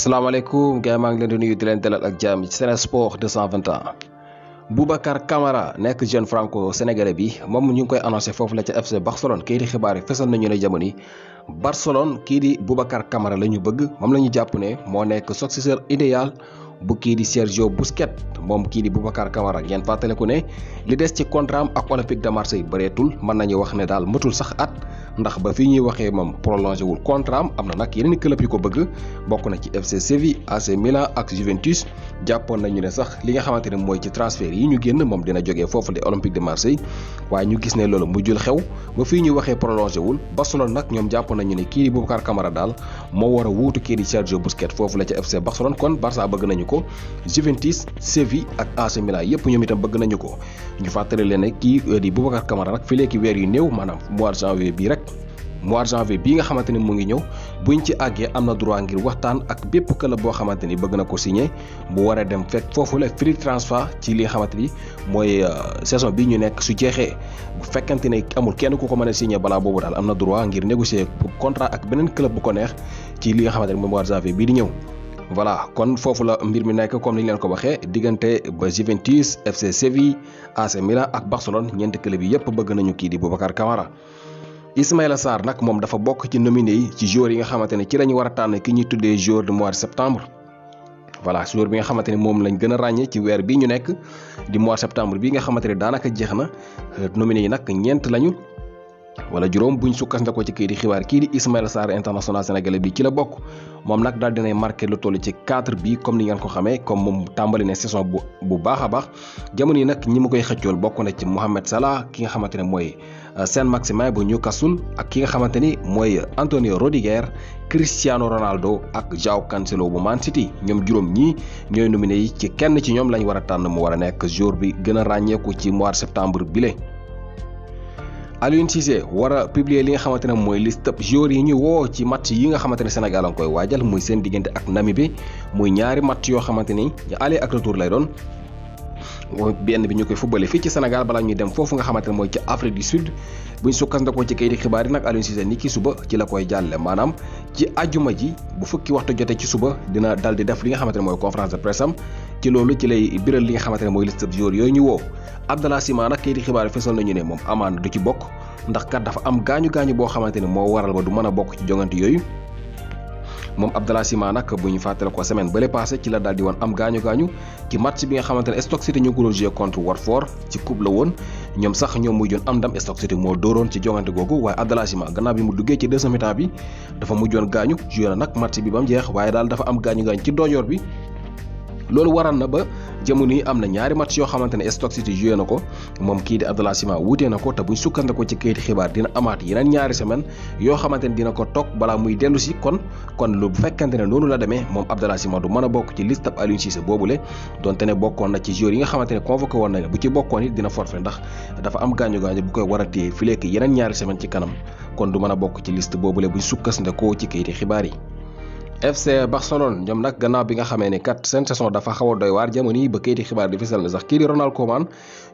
salaamaaleykum gars maa ngi leen di nuyu di leen dalal ak jàmm ci Sen Sport 221 Boubacar Kamara nekk jeune franco sénégalais bi moom ñu ngi koy annoncé foofu la ca FC Barcelone kii di xibaar yi fesal nañu ne jamono yi Barcelone kii di Boubacar Kamara la ñu bëgg moom la ñu jàpp ne moo nekk successeur idéal bu kii di Sergio Busquets moom kii di Boubacar Kamara ngeen fàttaliku ne li des ci contrat am ak Olympique de Marseille bareetul mën nañu wax ne daal matul sax at. ndax ba fii ñuy waxee moom prolongé wul contrat am na nag yenn club yu ko bëgg bokk na ci FC Séville AC Milan ak Juventus jàppoon nañu ne sax li nga xamante ne mooy ci transfert yi ñu génn moom dina joge foofu de Olympique de Marseille waaye ñu gis ne loolu jul xew ba fii ñuy waxee prolongé wul Barcelone nag ñoom jàppoon nañu ne kii di Boubacar Camara daal moo war a wuutu kii di Sergio Busquets foofu la ca FC Barcelone kon Barça bëgg nañu ko Juventus Séville ak AC Milan yëpp ñoom itam bëgg nañu ko ñu fàttali leen ne kii di Boubacar fi léegi weer yu néew maanaam mois de janvier rek mois janvier bi nga xamanteni mo ngi ñew buñ ci àggee amna droit ngir waxtaan ak bép kala bo xamanteni bëgg na ko signé bu wara dem fek fofu la free transfer ci li xamanteni moy euh, saison bi ñu nekk su jéxé bu fekkante ne amul kenn ku ko mëna a signé balaa boobu droit ngir négocier contrat ak benen club bu ko neex ci li nga xamanteni mois janvier bi di ñew voilà kon fofu la mbir mi nek comme niñ leen ko waxé ba Juventus FC Séville AC Milan ak Barcelone ñent club yi yépp bëgg nañu ki di Boubacar Camara Ismaïla saar nag moom dafa bokk ci nominé yi ci joueur yi nga xamante ne ci lañu war a tànn ki ñuy tuddee joueur du mois de septembre. voilà joueur bi nga xamante ne moom lañ gën a ràññee ci weer bii ñu nekk di mois de septembre bii nga xamante ne daanaka jeex na euh, nomine yi nag ñeent lañu. wala juróom buñ sukkandikoo ci kii di xibaar kii di Ismaïla Sarr international sénégalais bi ci la bokk moom nag daal dinay marqué lu toll ci 4 bi comme ni ngeen ko xamee comme moom tàmbali ne saison bu bu baax a baax jamono yi nag ñi ma koy xëccool bokk na ci Mohamed Salah ki nga xamante ne mooy Eh, Saint Maximin bu Newcastle ak ki nga xamanteni moy Antonio Cristiano Ronaldo ak Joao Cancelo bu Man City ñom juroom ñi ñoy nominé yi ci kenn ci ñom lañ wara a mu wara nek jour bi gëna a ci mois septembre bi bile. Aliou Cissé wara publier li nga xamanteni moy liste joueurs yi ñu wo ci match yi nga xamanteni Sénégal a koy waajal muy seen ak Namibie muy ñaari match yo xamanteni ñi aller ak retour lay doon. mooy benn bi ñu koy footballé fii ci Sénégal balaa ñuy dem foofu nga xamante mooy ci Afrique du Sud bu ñu sukkandikoo ci kayiti xibaar yi nag Aliou Cissé ni ki suba ci la koy jàlle maanaam ci ajuma ji bu fukki waxtu jotee ci suba dina dal di def li nga xamante mooy conférence de presse am ci loolu ci lay biral li nga xamante ne mooy liste de yooyu ñu woo Abdallah Sima nag kayiti xibaar yi fesal nañu ne moom amaana du ci bokk ndax kat dafa am gaañu gaañu boo xamante ne moo waral ba du mën a bokk ci jongante yooyu moom Abdallah Sima nag bu ñu fàttale ko semaine bële passé ci la daal di woon am gaañu gaañu ci match bi nga xamante ne Stoke City ñu ngi ko doon joué contre ci coupe la woon ñoom sax ñoom muy am ndam Stoke City moo dooroon ci jongante googu waaye Abdallah Sima gannaaw bi mu duggee ci deuxième mi bi dafa mujjoon gaañu joué na nag match bi ba mu jeex waaye daal dafa am gaañu gaañu ci doojoor bi loolu waral na ba jamono yi am na ñaari match yoo xamante ne Stoke City na ko moom kii di Abdallah wute wuutee na ko te buñ sukkandikoo ci xibaar dina amaat yeneen ñaari semaine yoo xamante ne dina ko toog balaa muy dellu si kon kon lu fekkante ne noonu la demee moom Abdallah Sima du a bokk ci liste ab Aliou Cissé donte ne bokkoon na ci joueurs yi nga xamante ne convoqué woon na bu ci bokkoon it dina forfait ndax am gaañu gaañu bu koy war a téye fi lekk yeneen ñaari semaine ci kanam kon du a bokk ci liste boobule buñ sukkandikoo ci kayiti xibaar yi FC Barcelone ñoom nag gannaaw bi nga xamee ne kat seen saison dafa xaw a doy waar jamono yi ba kayiti xibaar di fisal na sax kii di Ronald Koeman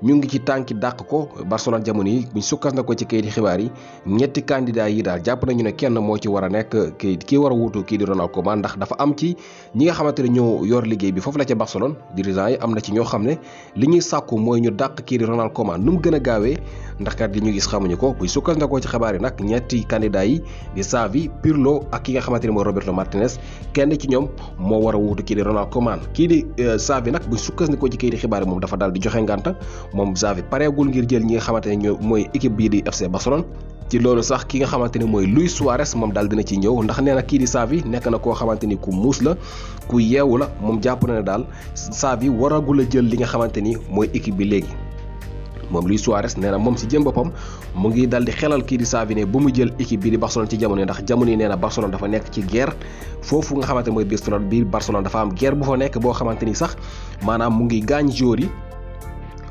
ñu ngi ci tànki dàq ko Barcelone jamono yi buñ sukkas na ko ci xibaar yi ñetti candidat yi nañu ne kenn moo ci war a nekk kii kii war a wuutu kii di dafa am ci ñi nga xamante ne ñoo yor liggéey bi foofu la ca Barcelone dirigeant yi am na ci ñoo xam ne li ñuy sàkku mooy ñu dàq kii gën a gaawee ndax ñu gis xamuñu ko buñ sukkas na ko ci xibaar yi nag ñetti candidat yi di Xavi Pirlo ak ki nga xamante ne mooy Roberto Martinez kenn ci ñoom moo war a wuutu kii di Ronald Koeman kii di euh, Xavi nag bu sukkandikoo ci kii xibaar yi moom dafa daal di joxe ngànta moom Xavi pareegul ngir jël ñi nga xamante ne ñoo mooy équipe bii di FC Barcelone. ci loolu sax ki nga xamante ni mooy luy Suarez moom daal dina ci ñëw ndax nee na kii di Xavi nekk na koo xamante ni ku muus la ku yeewu la moom jàpp na ne daal Xavi waragul a jël li nga xamante ni mooy équipe bi léegi. moom Luis Suarez nee na moom si jëm boppam mu ngi dal di xelal kii di Saviney bu mu jël équipe bi di Barcelone ci jamono yi ndax jamono yi nee na Barcelone dafa nekk ci guerre foofu nga xamante mooy biir Barcelone dafa am guerre bu fa nekk boo xamante ni sax maanaam mu ngi gaañ joueur yi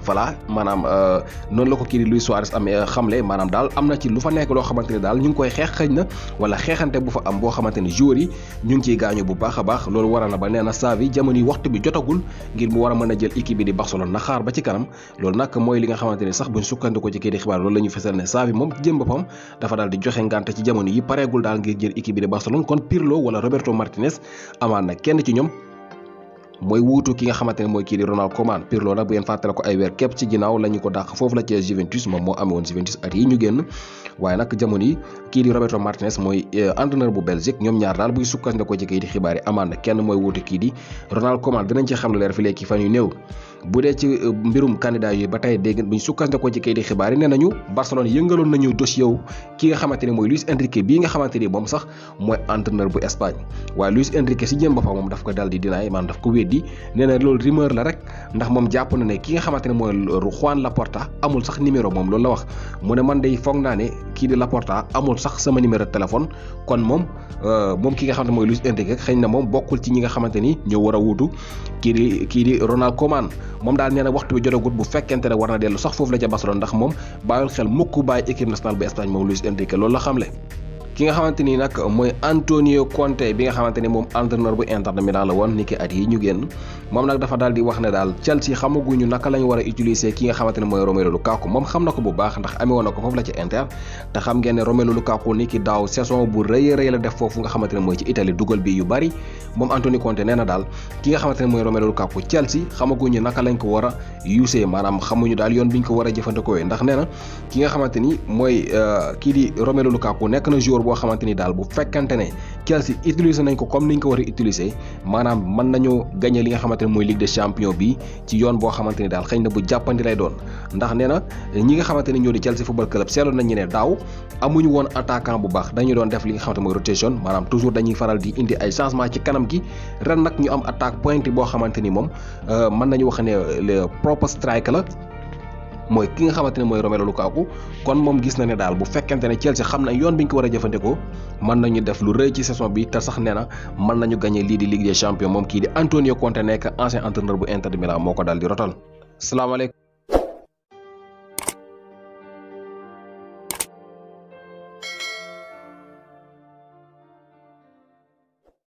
voilà maanaam euh, noonu la ko kii di Luis Suarez am euh, xamle maanaam daal am na ci lu fa nekk loo xamante ni daal ñu ngi koy xeex xëj na wala xeexante bu fa am boo xamante ni joueurs ñu ngi ciy gaañu bu baax a baax loolu waral na ba nee na Xavi jamono yi waxtu bi jotagul ngir mu war a mën a jël équipe bi di Barcelone na xaar ba ci kanam loolu nag mooy li nga xamante ni sax buñ sukkandiko ci kii di xibaar loolu la fesal ne Xavi moom jëm boppam dafa daal di joxe ngànte jamono yi pareegul daal ngir jël équipe bi di Barcelone kon Pirlo wala Roberto na kenn ci ñoom mooy wuutu ki nga xamante ne mooy kii di Ronald Koeman Pirlo nag bu ngeen fàttale ko ay weer képp ci ginnaaw la ñu ko dàq foofu la ca Juventus moom moo amewoon Juventus at yi ñu génn waaye nag jamono yi kii di Roberto Martinez mooy eh, entraîneur bu Belgique ñoom ñaar daal buy sukkandiku ci kayit xibaar yi amaan kenn mooy wuutu kii di Ronald Koeman dinañ ci xam la leer fi léegi fan yu néew bu dee ci euh, mbirum candidat yooyu ba tey dégg buñ ko ci kayiti xibaar yi nee nañu Barcelone yëngaloon nañu dossier wu ki nga xamante ne mooy Luis Enrique bii nga xamante ni moom sax mooy entraîneur bu Espagne waaye moom daf ko dal di dinaay maanaam daf ko weddi nee na loolu rumeur la rek ndax moom jàpp na ne ki nga xamante ne mooy Juan Laporta amul sax numéro moom loolu la wax mu ne man day foog naa ne kii di Laporta amul sax sama numéro de téléphone kon moom euh, moom ki nga xamante mooy Luis Enrique xëy na moom bokkul ci ñi nga xamante ni ñëw war a wuutu kii di kii di Ronald Koeman moom daal nee na waxtu bi jotagut bu fekkente ne war na dellu sax foofu la ca Barcelone ndax moom bàyyul xel mukk bàyyi équipe nationale bu Espagne moom Luis Enrique loolu la le ki nga xamante ni nag mooy Antonio Conte bi nga xamante ni moom entraîneur bu Inter Milan la woon niki at yi ñu génn moom nag dafa daal di wax ne daal Chelsea ki nga xamante ne mooy Romelu Lukaku moom xam na ko bu baax xam ngeen ne Romelu Lukaku niki daaw saison bu rëy rëy la def foofu nga xamante mooy ci Italie dugal bi yu bari moom Antonio Conte nee na daal ki nga xamante mooy Romelu Lukaku Chelsea xamaguñu naka lañ ko war a usee maanaam xamuñu daal yoon biñ ko war a jëfandikoo ndax nee na ki nga xamante ni euh, boo xamante ni daal bu fekkante ne Chelsea utiliser nañ ko comme niñ ko war a utiliser maanaam mën nañoo gagné li nga xamante ne mooy Ligue des Champions bi ci yoon boo xamante ni daal xëy na bu jàppandi lay doon ndax nee na ñi nga xamante ne ñoo di Chelsea football club seetlu nañ ñu ne daaw amuñu woon attaquant bu baax dañu doon def li nga xamante mooy rotation maanaam toujours dañuy faral di indi ay changement ci kanam gi ren nag ñu am attaque pointe boo xamante ni moom euh, mën nañu wax ne le propre strike la mooy ki nga xamante ne mooy Romelu Lukaku kon moom gis na ne daal bu fekkente ne Chelsea xam na yoon bi ñu ko war a jëfandikoo mën nañu def lu rëy ci saison bi te sax nee na mën nañu gagné lii di Ligue des champions moom kii di Antonio Conte nekk ancien entraîneur bu Inter de Milan moo ko daal di rotal salaamaaleykum